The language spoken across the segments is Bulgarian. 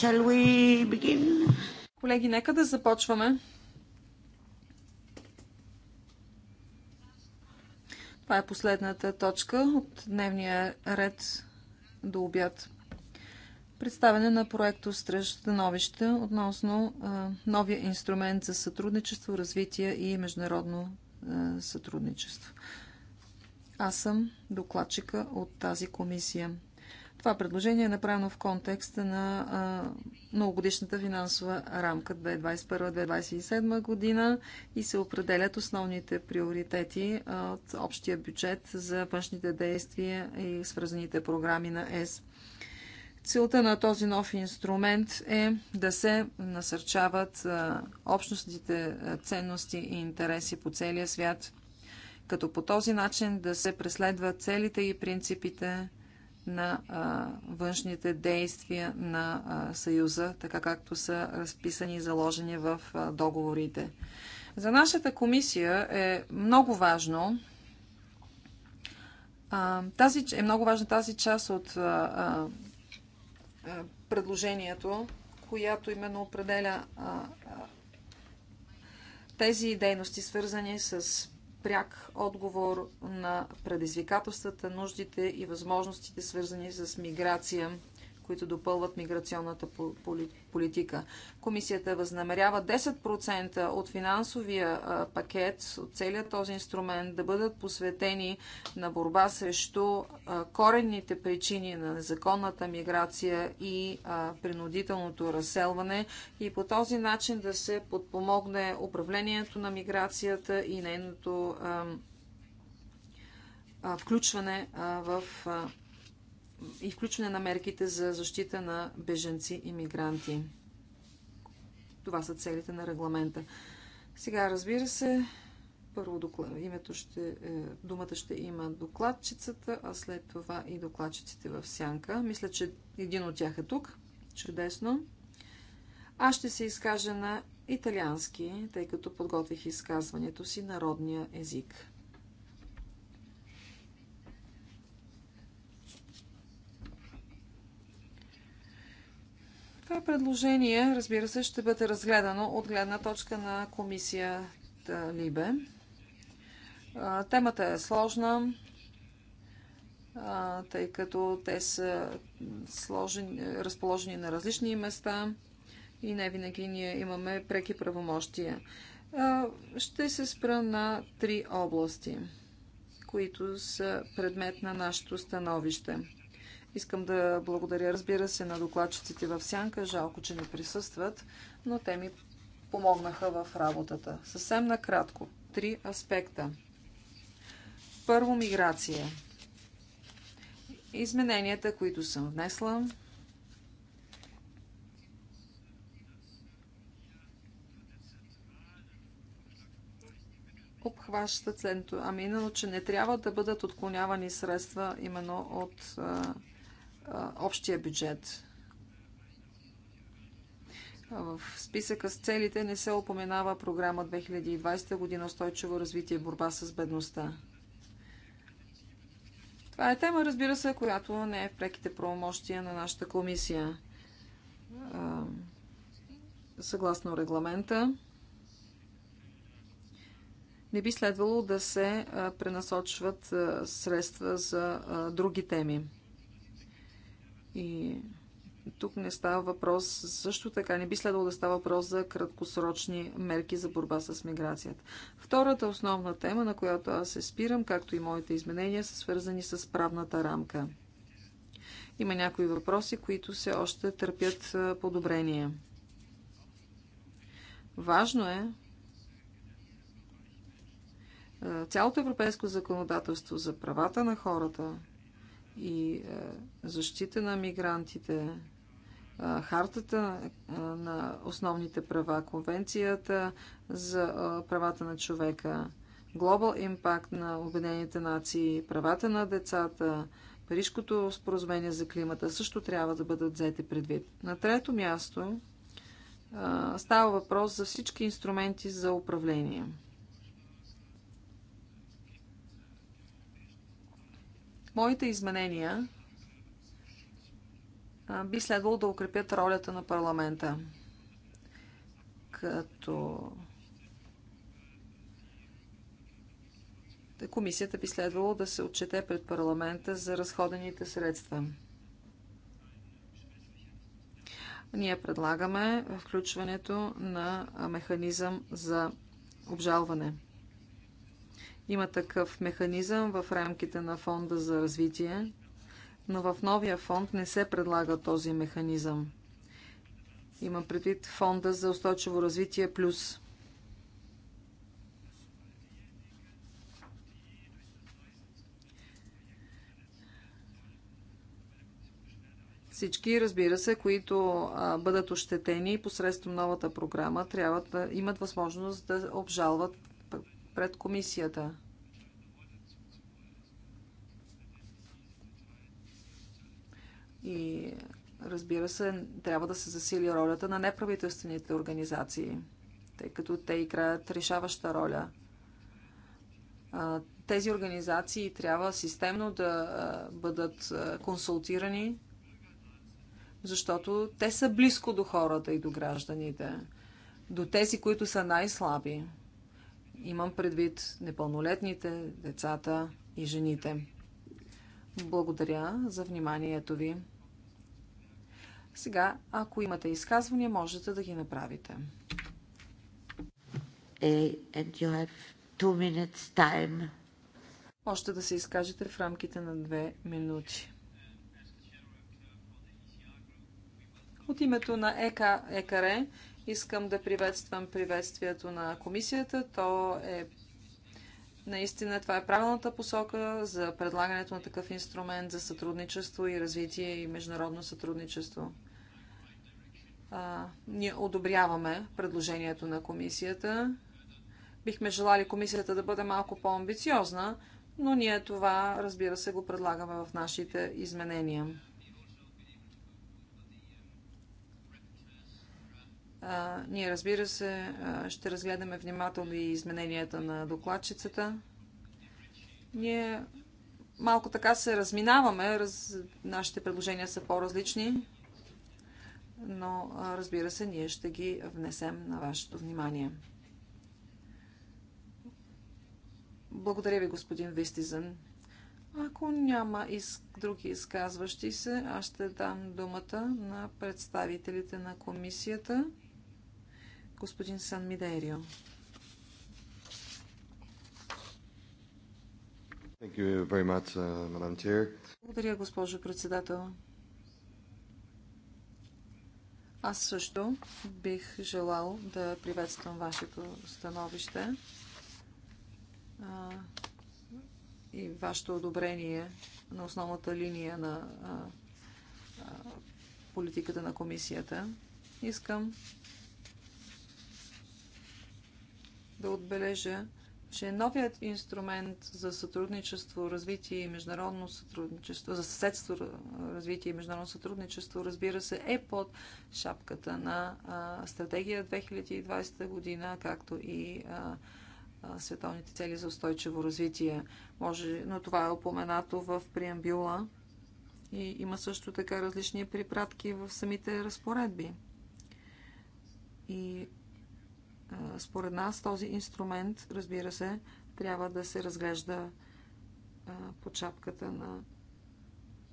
Shall we begin? Колеги, нека да започваме. Това е последната точка от дневния ред до обяд. Представяне на проекто становище относно а, новия инструмент за сътрудничество, развитие и международно а, сътрудничество. Аз съм докладчика от тази комисия. Това предложение е направено в контекста на а, многогодишната финансова рамка 2021-2027 година и се определят основните приоритети от общия бюджет за външните действия и свързаните програми на ЕС. Целта на този нов инструмент е да се насърчават общностните ценности и интереси по целия свят, като по този начин да се преследват целите и принципите на а, външните действия на а, Съюза, така както са разписани и заложени в а, договорите. За нашата комисия е много важно а, тази, е много важна тази част от а, а, предложението, която именно определя а, а, тези дейности, свързани с пряк отговор на предизвикателствата, нуждите и възможностите, свързани с миграция които допълват миграционната политика. Комисията възнамерява 10% от финансовия пакет, от целият този инструмент, да бъдат посветени на борба срещу коренните причини на незаконната миграция и принудителното разселване и по този начин да се подпомогне управлението на миграцията и нейното включване в и включване на мерките за защита на беженци и мигранти. Това са целите на регламента. Сега, разбира се, първо доклад, името ще, е, думата ще има докладчицата, а след това и докладчиците в сянка. Мисля, че един от тях е тук. Чудесно. Аз ще се изкажа на италиански, тъй като подготвих изказването си народния език. Това предложение, разбира се, ще бъде разгледано от гледна точка на комисията Либе. Темата е сложна, тъй като те са сложени, разположени на различни места и не винаги ние имаме преки правомощия. Ще се спра на три области, които са предмет на нашето становище. Искам да благодаря, разбира се, на докладчиците в Сянка. Жалко, че не присъстват, но те ми помогнаха в работата. Съвсем накратко. Три аспекта. Първо, миграция. Измененията, които съм внесла. обхващат следното. Ами, именно, че не трябва да бъдат отклонявани средства именно от а, общия бюджет. В списъка с целите не се упоменава програма 2020 година устойчиво развитие и борба с бедността. Това е тема, разбира се, която не е в преките правомощия на нашата комисия. Съгласно регламента, не би следвало да се пренасочват средства за други теми. И тук не става въпрос, също така не би следвало да става въпрос за краткосрочни мерки за борба с миграцията. Втората основна тема, на която аз се спирам, както и моите изменения, са свързани с правната рамка. Има някои въпроси, които все още търпят подобрение. Важно е цялото европейско законодателство за правата на хората – и е, защита на мигрантите, е, хартата е, на основните права, конвенцията за правата на човека, глобал импакт на Обединените нации, правата на децата, Парижкото споразумение за климата също трябва да бъдат взети предвид. На трето място става въпрос за всички инструменти за управление – Моите изменения би следвало да укрепят ролята на парламента. Като комисията би следвало да се отчете пред парламента за разходените средства. Ние предлагаме включването на механизъм за обжалване. Има такъв механизъм в рамките на фонда за развитие, но в новия фонд не се предлага този механизъм. Има предвид фонда за устойчиво развитие плюс. Всички, разбира се, които а, бъдат ощетени посредством новата програма, трябва да имат възможност да обжалват пред комисията. И разбира се, трябва да се засили ролята на неправителствените организации, тъй като те играят решаваща роля. Тези организации трябва системно да бъдат консултирани, защото те са близко до хората и до гражданите, до тези, които са най-слаби. Имам предвид непълнолетните, децата и жените. Благодаря за вниманието ви. Сега, ако имате изказвания, можете да ги направите. Още да се изкажете в рамките на две минути. От името на ЕКА ЕКР искам да приветствам приветствието на комисията. То е наистина това е правилната посока за предлагането на такъв инструмент за сътрудничество и развитие и международно сътрудничество. А, ние одобряваме предложението на комисията. Бихме желали комисията да бъде малко по-амбициозна, но ние това, разбира се, го предлагаме в нашите изменения. А, ние, разбира се, ще разгледаме внимателно и измененията на докладчицата. Ние малко така се разминаваме, раз... нашите предложения са по-различни, но разбира се, ние ще ги внесем на вашето внимание. Благодаря ви, господин Вистизън. Ако няма из... други изказващи се, аз ще дам думата на представителите на комисията господин Сан Мидерио. Much, uh, Благодаря, госпожо председател. Аз също бих желал да приветствам вашето становище а, и вашето одобрение на основната линия на а, а, политиката на комисията. Искам да отбележа, че новият инструмент за сътрудничество, развитие и международно сътрудничество, за съседство, развитие и международно сътрудничество, разбира се, е под шапката на а, стратегия 2020 година, както и а, а, световните цели за устойчиво развитие. Може, но това е упоменато в преамбюла и има също така различни припратки в самите разпоредби. И според нас този инструмент, разбира се, трябва да се разглежда по чапката на,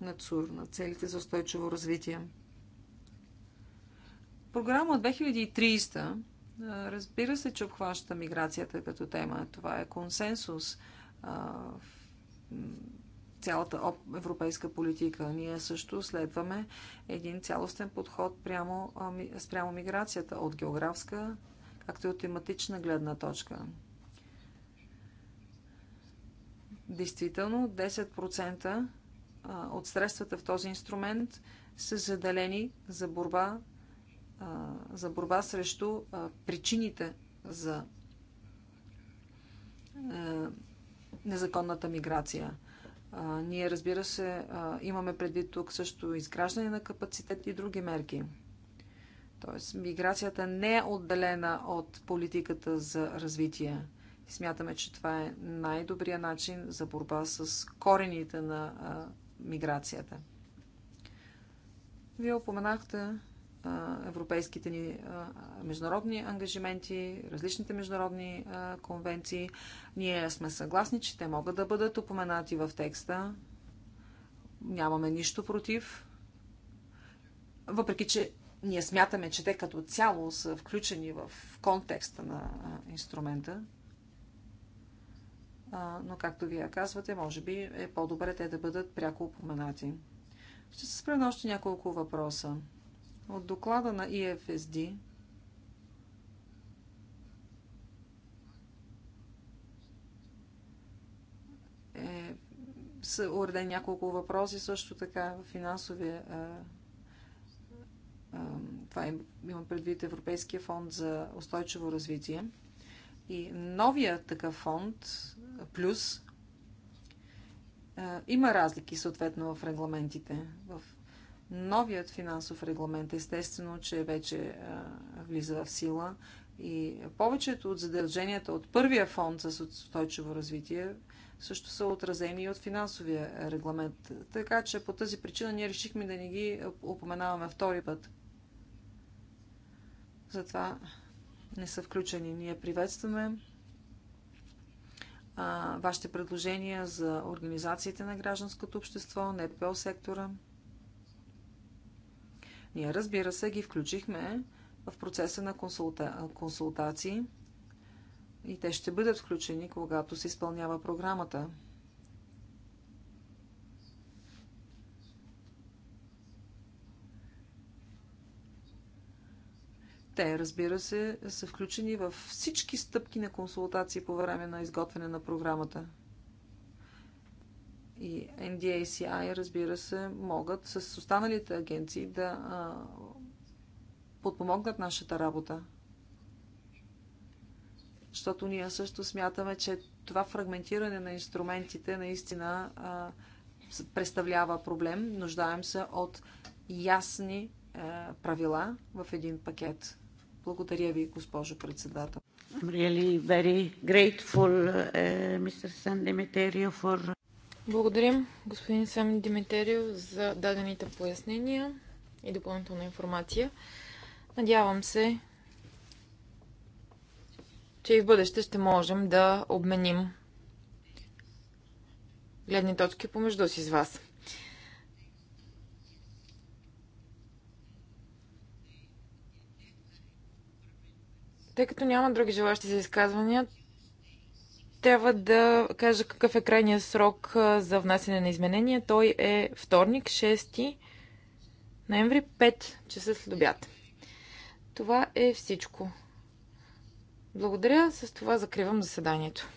на ЦУР, на целите за устойчиво развитие. Програма 2300 разбира се, че обхваща миграцията като тема. Това е консенсус в цялата европейска политика. Ние също следваме един цялостен подход прямо, спрямо миграцията от географска както и от тематична гледна точка. Действително, 10% от средствата в този инструмент са заделени за борба, за борба срещу причините за незаконната миграция. Ние, разбира се, имаме предвид тук също изграждане на капацитет и други мерки – Тоест, миграцията не е отделена от политиката за развитие. Смятаме, че това е най-добрият начин за борба с корените на а, миграцията. Вие упоменахте европейските ни международни ангажименти, различните международни конвенции. Ние сме съгласни, че те могат да бъдат упоменати в текста. Нямаме нищо против. Въпреки, че ние смятаме, че те като цяло са включени в контекста на инструмента, но както вие казвате, може би е по-добре те да бъдат пряко упоменати. Ще се спра на още няколко въпроса. От доклада на EFSD е, са уредени няколко въпроси също така в финансовия това е, имам предвид Европейския фонд за устойчиво развитие. И новия такъв фонд, плюс, има разлики съответно в регламентите. В новият финансов регламент, естествено, че вече влиза в сила и повечето от задълженията от първия фонд за устойчиво развитие също са отразени и от финансовия регламент. Така че по тази причина ние решихме да не ги упоменаваме втори път затова не са включени. Ние приветстваме а, вашите предложения за организациите на гражданското общество, НПО сектора. Ние, разбира се, ги включихме в процеса на консулта... консултации и те ще бъдат включени, когато се изпълнява програмата. Те, разбира се, са включени във всички стъпки на консултации по време на изготвяне на програмата. И NDACI, разбира се, могат с останалите агенции да а, подпомогнат нашата работа. Защото ние също смятаме, че това фрагментиране на инструментите наистина а, представлява проблем. Нуждаем се от ясни а, правила в един пакет. Благодаря ви, госпожо председател. I'm really very grateful, uh, Mr. San Demeterio, for... Благодарим, господин Сан Димитерио, за дадените пояснения и допълнителна информация. Надявам се, че и в бъдеще ще можем да обменим гледни точки помежду си с вас. Тъй като няма други желащи за изказвания, трябва да кажа какъв е крайният срок за внасяне на изменения. Той е вторник, 6 ноември, 5 часа след обяд. Това е всичко. Благодаря. С това закривам заседанието.